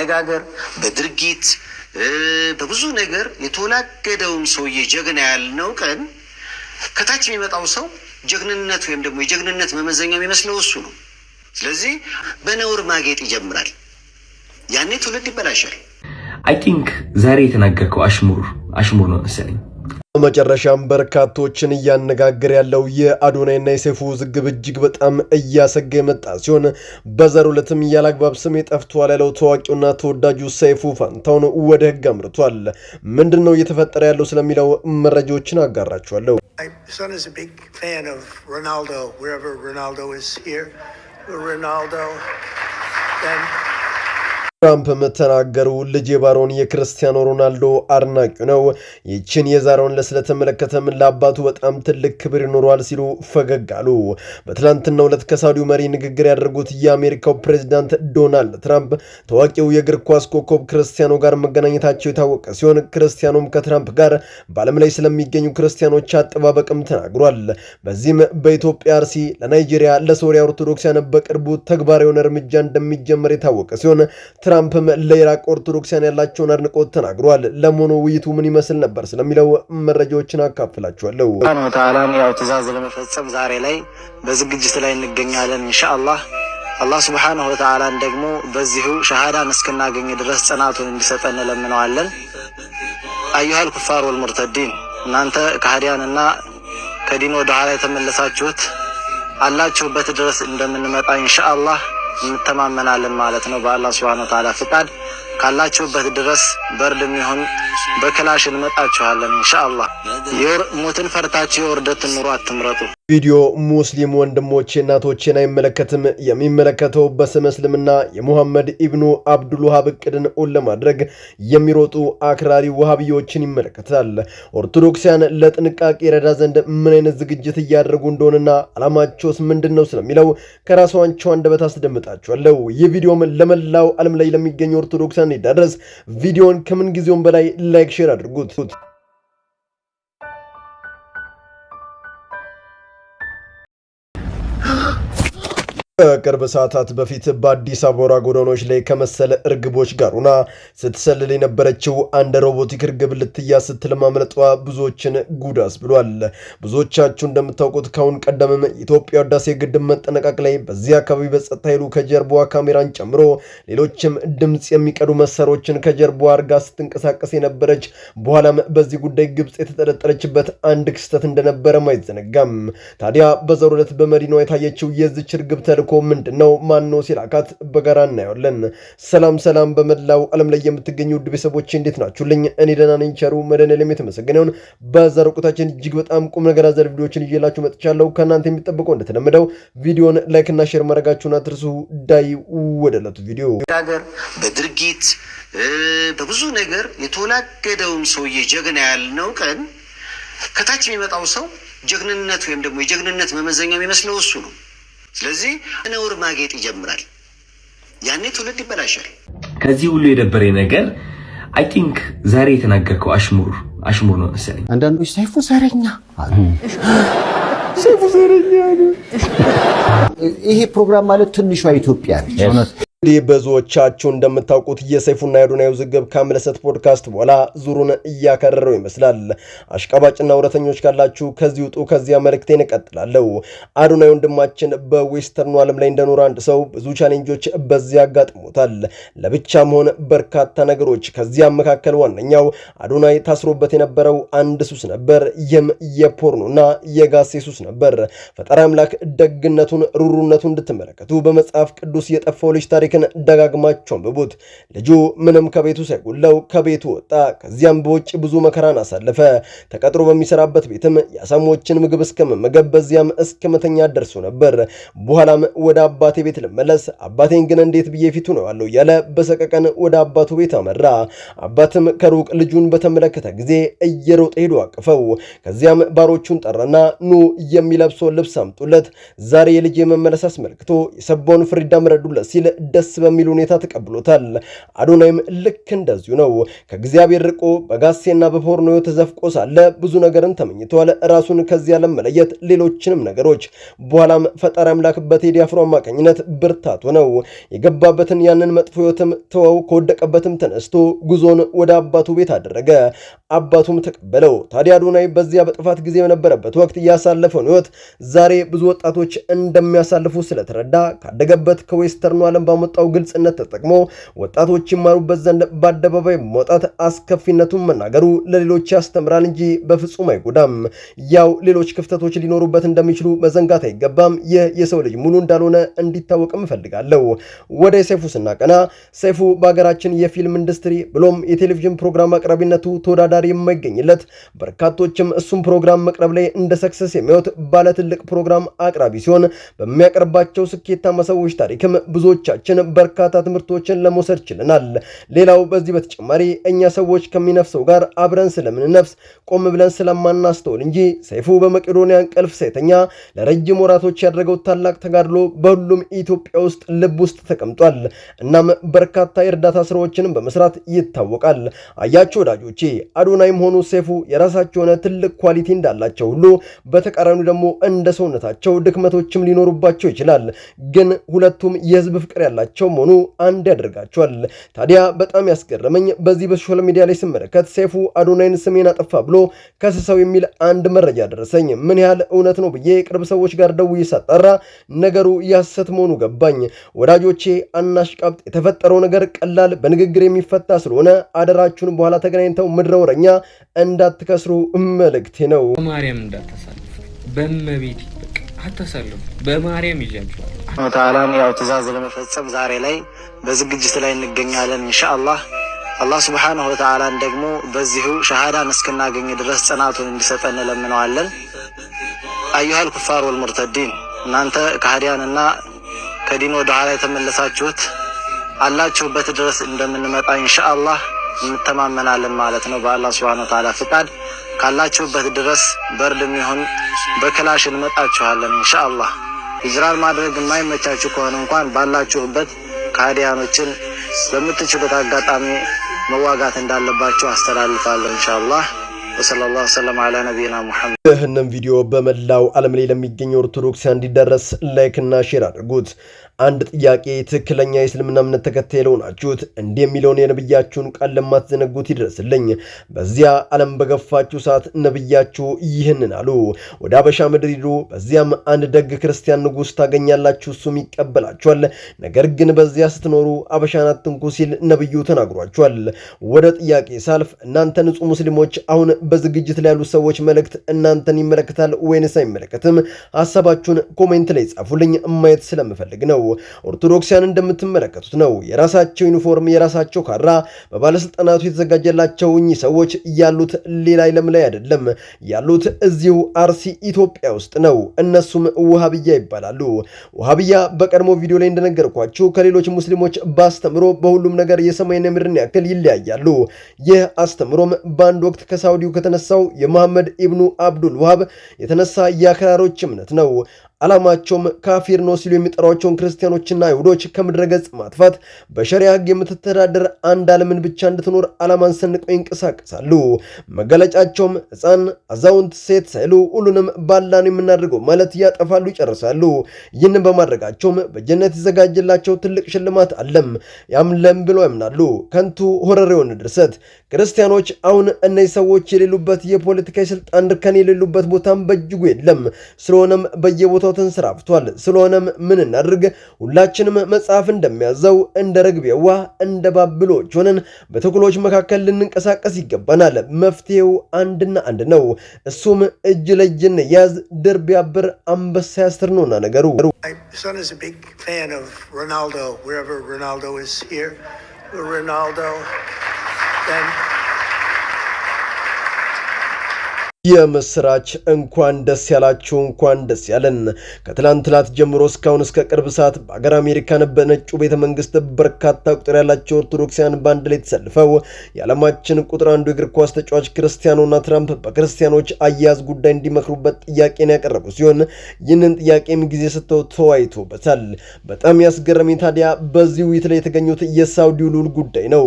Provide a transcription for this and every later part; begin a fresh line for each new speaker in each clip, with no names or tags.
በአነጋገር በድርጊት በብዙ ነገር የተወላገደውን ሰውዬ ጀግና ያልነው ቀን ከታች የሚመጣው ሰው ጀግንነት ወይም ደግሞ የጀግንነት መመዘኛ የሚመስለው እሱ ነው። ስለዚህ በነውር ማጌጥ ይጀምራል። ያኔ ትውልድ ይበላሻል።
አይ ቲንክ ዛሬ የተናገርከው አሽሙር አሽሙር ነው መሰለኝ።
በመጨረሻም በርካቶችን እያነጋገረ ያለው የአዶናይና የሰይፉ ውዝግብ እጅግ በጣም እያሰጋ የመጣ ሲሆን በዘር ሁለትም ያላግባብ ስሜ ጠፍቷል ያለው ታዋቂውና ተወዳጁ ሰይፉ ፋንታውን ወደ ህግ አምርቷል። ምንድን ነው እየተፈጠረ ያለው ስለሚለው መረጃዎችን አጋራችኋለሁ።
ሮናልዶ
ትራምፕ መተናገሩ ልጅ የባሮን የክርስቲያኖ ሮናልዶ አድናቂ ነው። ይችን የዛሬውን ስለተመለከተም ለአባቱ በጣም ትልቅ ክብር ይኖረዋል ሲሉ ፈገግ አሉ። በትላንትና ዕለት ከሳውዲው መሪ ንግግር ያደርጉት የአሜሪካው ፕሬዚዳንት ዶናልድ ትራምፕ ታዋቂው የእግር ኳስ ኮከብ ክርስቲያኖ ጋር መገናኘታቸው የታወቀ ሲሆን ክርስቲያኖም ከትራምፕ ጋር በዓለም ላይ ስለሚገኙ ክርስቲያኖች አጠባበቅም ተናግሯል። በዚህም በኢትዮጵያ አርሲ፣ ለናይጄሪያ፣ ለሶሪያ ኦርቶዶክሳውያን በቅርቡ ተግባራዊ የሆነ እርምጃ እንደሚጀመር የታወቀ ሲሆን ትራምፕም ለኢራቅ ኦርቶዶክሲያን ያላቸውን አድንቆት ተናግሯል። ለመሆኑ ውይይቱ ምን ይመስል ነበር ስለሚለው መረጃዎችን አካፍላችኋለሁ።
ተዓላን ያው ትእዛዝ ለመፈጸም ዛሬ ላይ በዝግጅት ላይ እንገኛለን ኢንሻአላህ። አላህ ስብሓንሁ ወተዓላን ደግሞ በዚሁ ሸሃዳን እስክናገኝ ድረስ ጽናቱን እንዲሰጠን እንለምነዋለን። አዩሃል ኩፋር ወልሙርተዲን፣ እናንተ ከሃዲያንና ከዲን ወደኋላ የተመለሳችሁት አላችሁበት ድረስ እንደምንመጣ ኢንሻአላህ እንተማመናለን ማለት ነው። በአላህ ስብሃነ ወተዓላ ፍቃድ ካላችሁበት ድረስ በርድ የሚሆን በክላሽ እንመጣችኋለን ኢንሻአላህ። ሞትን ፈርታችሁ የውርደትን ኑሮ አትምረጡ።
ቪዲዮ ሙስሊም ወንድሞቼ እናቶቼን አይመለከትም። የሚመለከተው በስመ እስልምና የሙሐመድ ኢብኑ አብዱልውሃብ እቅድን ኦን ለማድረግ የሚሮጡ አክራሪ ውሃብዮችን ይመለከታል። ኦርቶዶክሲያን ለጥንቃቄ ረዳ ዘንድ ምን አይነት ዝግጅት እያደረጉ እንደሆነና አላማቸውስ ምንድን ነው ስለሚለው ከራሷቸው አንደበት አስደምጣችኋለሁ። ይህ ቪዲዮም ለመላው ዓለም ላይ ለሚገኙ ኦርቶዶክሲያን ይዳረስ። ቪዲዮን ከምን ጊዜውም በላይ ላይክ፣ ሼር አድርጉት። ከቅርብ ሰዓታት በፊት በአዲስ አበባ ጎዳናዎች ላይ ከመሰለ እርግቦች ጋር ሆና ስትሰልል የነበረችው አንድ ሮቦቲክ እርግብ ልትያዝ ስትል ማምለጧ ብዙዎችን ጉዳስ ብሏል። ብዙዎቻችሁ እንደምታውቁት ካሁን ቀደምም ኢትዮጵያ ሕዳሴ ግድብ መጠናቀቅ ላይ በዚህ አካባቢ በጸጥታ ኃይሉ ከጀርባዋ ካሜራን ጨምሮ ሌሎችም ድምፅ የሚቀዱ መሳሪያዎችን ከጀርባዋ አርጋ ስትንቀሳቀስ የነበረች በኋላም በዚህ ጉዳይ ግብፅ የተጠረጠረችበት አንድ ክስተት እንደነበረም አይዘነጋም። ታዲያ በዛሬው ዕለት በመዲናዋ የታየችው የዚች እርግብ ተልኮ ተልእኮ ምንድን ነው? ማን ማነው ሲላካት በጋራ እናየዋለን። ሰላም ሰላም፣ በመላው ዓለም ላይ የምትገኙ ውድ ቤተሰቦች እንዴት ናችሁልኝ? እኔ ደህና ነኝ። ቸሩ መድኃኔዓለም የተመሰገነውን በዛሬው ቆይታችን እጅግ በጣም ቁም ነገር አዘል ቪዲዮዎችን ይዤላችሁ መጥቻለሁ። ከእናንተ የሚጠብቀው እንደተለመደው ቪዲዮን ላይክና ሼር ማድረጋችሁን አትርሱ። ዳይ ወደ ቪዲዮ
ሀገር በድርጊት በብዙ ነገር የተወላገደውን ሰውዬ ጀግና ያልነው ቀን ከታች የሚመጣው ሰው ጀግንነት ወይም ደግሞ የጀግንነት መመዘኛ የሚመስለው እሱ ነው። ስለዚህ ነውር ማጌጥ ይጀምራል። ያኔ ትውልድ ይበላሻል።
ከዚህ ሁሉ የደበረ ነገር አይ ቲንክ ዛሬ የተናገርከው አሽሙር አሽሙር ነው መሰለኝ።
አንዳንዶች ሰይፉ ዘረኛ ሰይፉ ዘረኛ። ይሄ ፕሮግራም ማለት ትንሿ ኢትዮጵያ
ነች። እንግዲህ ብዙዎቻችሁ እንደምታውቁት የሰይፉና የአዶናይ ውዝግብ ከሐምለሰት ፖድካስት በኋላ ዙሩን እያከረረው ይመስላል። አሽቃባጭና ውረተኞች ካላችሁ ከዚህ ውጡ። ከዚያ መልእክቴን እቀጥላለሁ። አዱናይ ወንድማችን በዌስተርኑ ዓለም ላይ እንደኖረ አንድ ሰው ብዙ ቻሌንጆች በዚያ አጋጥሞታል። ለብቻ መሆን በርካታ ነገሮች። ከዚያ መካከል ዋነኛው አዱናይ ታስሮበት የነበረው አንድ ሱስ ነበር። ይህም የፖርኖና የጋሴ ሱስ ነበር። ፈጣሪ አምላክ ደግነቱን ሩሩነቱን እንድትመለከቱ በመጽሐፍ ቅዱስ የጠፋው ልጅ ታሪክ ታሪክን ደጋግማችሁ አንብቡት። ልጁ ምንም ከቤቱ ሳይጎላው ከቤቱ ወጣ። ከዚያም በውጭ ብዙ መከራን አሳለፈ። ተቀጥሮ በሚሰራበት ቤትም የአሳሞችን ምግብ እስከመመገብ በዚያም እስከመተኛ ደርሶ ነበር። በኋላም ወደ አባቴ ቤት ልመለስ፣ አባቴን ግን እንዴት ብዬ ፊቱ ነው ያለው እያለ በሰቀቀን ወደ አባቱ ቤት አመራ። አባትም ከሩቅ ልጁን በተመለከተ ጊዜ እየሮጠ ሄዶ አቅፈው፣ ከዚያም ባሮቹን ጠራና ኑ የሚለብሰውን ልብስ አምጡለት፣ ዛሬ የልጅ የመመለስ አስመልክቶ የሰባውን ፍሪዳ ምረዱለት ሲል ደስ በሚል ሁኔታ ተቀብሎታል። አዶናይም ልክ እንደዚሁ ነው። ከእግዚአብሔር ርቆ በጋሴና በፖርኖ ተዘፍቆ ሳለ ብዙ ነገርን ተመኝተዋል። ራሱን ከዚህ ዓለም መለየት፣ ሌሎችንም ነገሮች። በኋላም ፈጣሪ አምላክ በቴዲ አፍሮ አማካኝነት ብርታቱ ነው የገባበትን ያንን መጥፎ ህይወትም ተወው። ከወደቀበትም ተነስቶ ጉዞን ወደ አባቱ ቤት አደረገ። አባቱም ተቀበለው። ታዲያ አዶናይ በዚያ በጥፋት ጊዜ በነበረበት ወቅት ያሳለፈውን ህይወት ዛሬ ብዙ ወጣቶች እንደሚያሳልፉ ስለተረዳ ካደገበት ከዌስተርኑ ዓለም ባሞ ባወጣው ግልጽነት ተጠቅሞ ወጣቶች ይማሩበት ዘንድ በአደባባይ መውጣት አስከፊነቱን መናገሩ ለሌሎች ያስተምራል እንጂ በፍጹም አይጎዳም። ያው ሌሎች ክፍተቶች ሊኖሩበት እንደሚችሉ መዘንጋት አይገባም። ይህ የሰው ልጅ ሙሉ እንዳልሆነ እንዲታወቅም እፈልጋለሁ። ወደ ሰይፉ ስናቀና ሰይፉ በሀገራችን የፊልም ኢንዱስትሪ ብሎም የቴሌቪዥን ፕሮግራም አቅራቢነቱ ተወዳዳሪ የማይገኝለት በርካቶችም እሱም ፕሮግራም መቅረብ ላይ እንደ ሰክሰስ የሚወት ባለ ትልቅ ፕሮግራም አቅራቢ ሲሆን በሚያቀርባቸው ስኬታማ ሰዎች ታሪክም ብዙዎቻችን የሚያስፈልጉንን በርካታ ትምህርቶችን ለመውሰድ ችለናል። ሌላው በዚህ በተጨማሪ እኛ ሰዎች ከሚነፍሰው ጋር አብረን ስለምንነፍስ ቆም ብለን ስለማናስተውል እንጂ ሰይፉ በመቄዶንያ እንቅልፍ ሳይተኛ ለረጅም ወራቶች ያደረገው ታላቅ ተጋድሎ በሁሉም ኢትዮጵያ ውስጥ ልብ ውስጥ ተቀምጧል። እናም በርካታ የእርዳታ ስራዎችንም በመስራት ይታወቃል። አያቸው ወዳጆቼ፣ አዶናይም ሆኑ ሰይፉ የራሳቸው የሆነ ትልቅ ኳሊቲ እንዳላቸው ሁሉ በተቃራኒ ደግሞ እንደ ሰውነታቸው ድክመቶችም ሊኖሩባቸው ይችላል። ግን ሁለቱም የህዝብ ፍቅር ያላቸው ያላቸው መሆኑ አንድ ያደርጋቸዋል። ታዲያ በጣም ያስገረመኝ በዚህ በሶሻል ሚዲያ ላይ ስመለከት ሰይፉ አዶናይን ስሜን አጠፋ ብሎ ከስሰው የሚል አንድ መረጃ ደረሰኝ። ምን ያህል እውነት ነው ብዬ ቅርብ ሰዎች ጋር ደውዬ ሳጣራ ነገሩ ያሰት መሆኑ ገባኝ። ወዳጆቼ አናሽቃብጥ፣ የተፈጠረው ነገር ቀላል በንግግር የሚፈታ ስለሆነ አደራችሁን በኋላ ተገናኝተው ምድረ ወረኛ እንዳትከስሩ መልእክቴ ነው።
ማርያም እንዳታሳልፉ በመቤት አታሳልፉ። በማርያም
ይዣችኋል። ያው ትእዛዝ ለመፈጸም ዛሬ ላይ በዝግጅት ላይ እንገኛለን ኢንሻአላህ። አላህ ስብሓንሁ ወተዓላን ደግሞ በዚሁ ሸሃዳን እስክናገኝ ድረስ ጽናቱን እንዲሰጠን እንለምነዋለን። አዩሃል ኩፋር ወልሙርተዲን፣ እናንተ ከሃዲያንና ከዲን ወደ ኋላ የተመለሳችሁት አላችሁበት ድረስ እንደምንመጣ ኢንሻአላህ እንተማመናለን ማለት ነው በአላህ ስብሓንሁ ወተዓላ ፍቃድ። ካላችሁበት ድረስ በርድም ይሁን በክላሽ እንመጣችኋለን ኢንሻአላህ። ሂጅራን ማድረግ የማይመቻችሁ ከሆነ እንኳን ባላችሁበት ካዲያኖችን በምትችሉት አጋጣሚ መዋጋት እንዳለባችሁ አስተላልፋለሁ ኢንሻአላህ። ወሰለላሁ ወሰለም አላ ሙሐመድ።
ይህንን ቪዲዮ በመላው ዓለም ላይ ለሚገኙ ኦርቶዶክሲያን እንዲደረስ ላይክና ሼር አድርጉት። አንድ ጥያቄ ትክክለኛ የእስልምና እምነት ተከታይ ለሆናችሁት እንዲህ የሚለውን የነብያችሁን ቃል ለማትዘነጉት ይድረስልኝ። በዚያ ዓለም በገፋችሁ ሰዓት ነብያችሁ ይህንን አሉ፣ ወደ አበሻ ምድር ሂዱ፣ በዚያም አንድ ደግ ክርስቲያን ንጉሥ ታገኛላችሁ፣ እሱም ይቀበላችኋል። ነገር ግን በዚያ ስትኖሩ አበሻን አትንኩ ሲል ነብዩ ተናግሯችኋል። ወደ ጥያቄ ሳልፍ እናንተ ንጹሕ ሙስሊሞች አሁን በዝግጅት ላይ ያሉ ሰዎች መልእክት እናንተን ይመለከታል ወይንስ አይመለከትም? ሀሳባችሁን ኮሜንት ላይ ጻፉልኝ፣ ማየት ስለምፈልግ ነው። ኦርቶዶክሲያን እንደምትመለከቱት ነው። የራሳቸው ዩኒፎርም፣ የራሳቸው ካራ በባለስልጣናቱ የተዘጋጀላቸው እኚህ ሰዎች ያሉት ሌላ አይለም ላይ አይደለም። ያሉት እዚሁ አርሲ ኢትዮጵያ ውስጥ ነው። እነሱም ውሃብያ ይባላሉ። ውሃብያ በቀድሞ ቪዲዮ ላይ እንደነገርኳችሁ ከሌሎች ሙስሊሞች በአስተምሮ በሁሉም ነገር የሰማይና ምድርን ያክል ይለያያሉ። ይህ አስተምሮም በአንድ ወቅት ከሳውዲው ከተነሳው የመሐመድ ኢብኑ አብዱል ውሃብ የተነሳ የአክራሮች እምነት ነው። ዓላማቸውም ካፊር ነው ሲሉ የሚጠሯቸውን ክርስቲያኖችና አይሁዶች ከምድረ ገጽ ማጥፋት፣ በሸሪያ ሕግ የምትተዳደር አንድ ዓለምን ብቻ እንድትኖር ዓላማን ሰንቀው ይንቀሳቀሳሉ። መገለጫቸውም ሕፃን፣ አዛውንት፣ ሴት ሳይሉ ሁሉንም ባላ ነው የምናደርገው ማለት ያጠፋሉ፣ ይጨርሳሉ። ይህንን በማድረጋቸውም በጀነት የተዘጋጀላቸው ትልቅ ሽልማት አለም ያምለም ብለው ያምናሉ። ከንቱ ሆረር የሆነ ድርሰት። ክርስቲያኖች አሁን እነዚህ ሰዎች የሌሉበት የፖለቲካ የስልጣን ድርከን የሌሉበት ቦታም በእጅጉ የለም። ስለሆነም በየቦታው ብሶት ስራፍቷል። ስለሆነም ምን እናድርግ? ሁላችንም መጽሐፍ እንደሚያዘው እንደ ርግቤዋ እንደ ባብሎች ሆነን በተኩሎች መካከል ልንንቀሳቀስ ይገባናል። መፍትሄው አንድና አንድ ነው። እሱም እጅ ለእጅ እንያዝ፣ ድር ቢያብር አንበሳ ያስር ነውና ነገሩ ሮናልዶ የምስራች እንኳን ደስ ያላችሁ፣ እንኳን ደስ ያለን። ከትላንት ትላት ጀምሮ እስካሁን እስከ ቅርብ ሰዓት በሀገር አሜሪካን በነጩ ቤተ መንግስት በርካታ ቁጥር ያላቸው ኦርቶዶክሲያን በአንድ ላይ ተሰልፈው የዓለማችን ቁጥር አንዱ የእግር ኳስ ተጫዋች ክርስቲያኖና ትራምፕ በክርስቲያኖች አያያዝ ጉዳይ እንዲመክሩበት ጥያቄን ያቀረቡ ሲሆን ይህንን ጥያቄም ጊዜ ሰጥተው ተወያይቶበታል። በጣም ያስገረመኝ ታዲያ በዚህ ውይይት ላይ የተገኙት የሳውዲው ልዑል ጉዳይ ነው።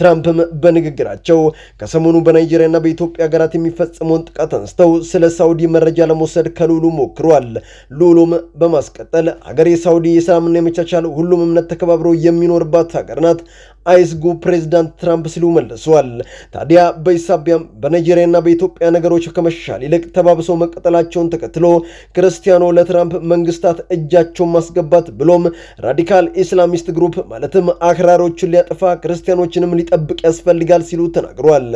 ትራምፕም በንግግራቸው ከሰሞኑ በናይጄሪያና በኢትዮጵያ ሀገራት የሚፈጸመውን ጥልቀት አንስተው ስለ ሳውዲ መረጃ ለመውሰድ ከሉሉ ሞክሯል። ሉሉም በማስቀጠል ሀገሬ የሳውዲ የሰላምና የመቻቻል ሁሉም እምነት ተከባብሮ የሚኖርባት ሀገር ናት። አይስጉ ፕሬዚዳንት ትራምፕ ሲሉ መልሰዋል። ታዲያ በዚህ ሳቢያም በናይጄሪያና በኢትዮጵያ ነገሮች ከመሻል ይልቅ ተባብሰው መቀጠላቸውን ተከትሎ ክርስቲያኖ ለትራምፕ መንግስታት እጃቸውን ማስገባት ብሎም ራዲካል ኢስላሚስት ግሩፕ ማለትም አክራሪዎችን ሊያጠፋ ክርስቲያኖችንም ሊጠብቅ ያስፈልጋል ሲሉ ተናግረዋል።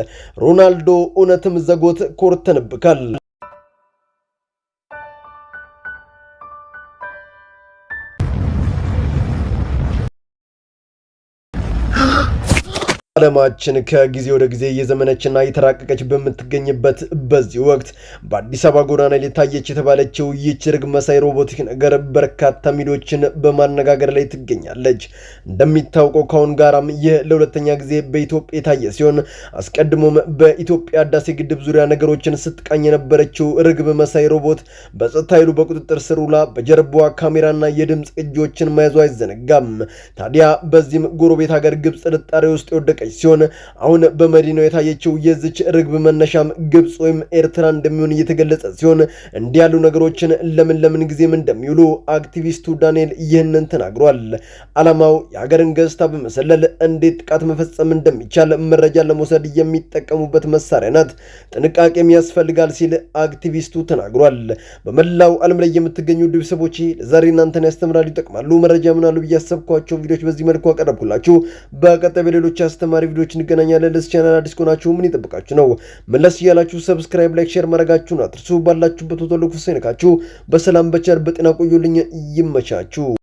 ሮናልዶ እውነትም ዘጎት ኮርተንብካል። ዓለማችን ከጊዜ ወደ ጊዜ እየዘመነችና እየተራቀቀች በምትገኝበት በዚህ ወቅት በአዲስ አበባ ጎዳና ላይ ታየች የተባለችው ይች ርግ መሳይ ሮቦቲክ ነገር በርካታ ሚዲያዎችን በማነጋገር ላይ ትገኛለች። እንደሚታወቀው ከአሁን ጋራም ይህ ለሁለተኛ ጊዜ በኢትዮጵያ የታየ ሲሆን አስቀድሞም በኢትዮጵያ ህዳሴ ግድብ ዙሪያ ነገሮችን ስትቃኝ የነበረችው ርግብ መሳይ ሮቦት በጸጥታ ኃይሉ በቁጥጥር ስር ውላ በጀርባዋ ካሜራና የድምፅ ቅጂዎችን መያዙ አይዘነጋም። ታዲያ በዚህም ጎረቤት ሀገር ግብፅ ጥርጣሬ ውስጥ የወደቀ የተሰራች ሲሆን አሁን በመዲናው የታየችው የዝች ርግብ መነሻም ግብፅ ወይም ኤርትራ እንደሚሆን እየተገለጸ ሲሆን እንዲህ ያሉ ነገሮችን ለምን ለምን ጊዜም እንደሚውሉ አክቲቪስቱ ዳንኤል ይህንን ተናግሯል። ዓላማው የሀገርን ገጽታ በመሰለል እንዴት ጥቃት መፈጸም እንደሚቻል መረጃ ለመውሰድ የሚጠቀሙበት መሳሪያ ናት፣ ጥንቃቄም ያስፈልጋል ሲል አክቲቪስቱ ተናግሯል። በመላው ዓለም ላይ የምትገኙ ድብሰቦች ለዛሬ እናንተን ያስተምራሉ፣ ይጠቅማሉ፣ መረጃ ምናሉ ብዬ ያሰብኳቸው ቪዲዮዎች በዚህ መልኩ አቀረብኩላችሁ። በቀጣይ በሌሎች አስተማሪ ተጨማሪ ቪዲዮዎች እንገናኛለን። ለዚህ ቻናል አዲስ ከሆናችሁ ምን ይጠብቃችሁ ነው? መለስ እያላችሁ ሰብስክራይብ፣ ላይክ፣ ሼር ማድረጋችሁን አትርሱ። ባላችሁበት ክፍሰ ይነካችሁ። በሰላም በቸር በጤና ቆዩልኝ። ይመቻችሁ።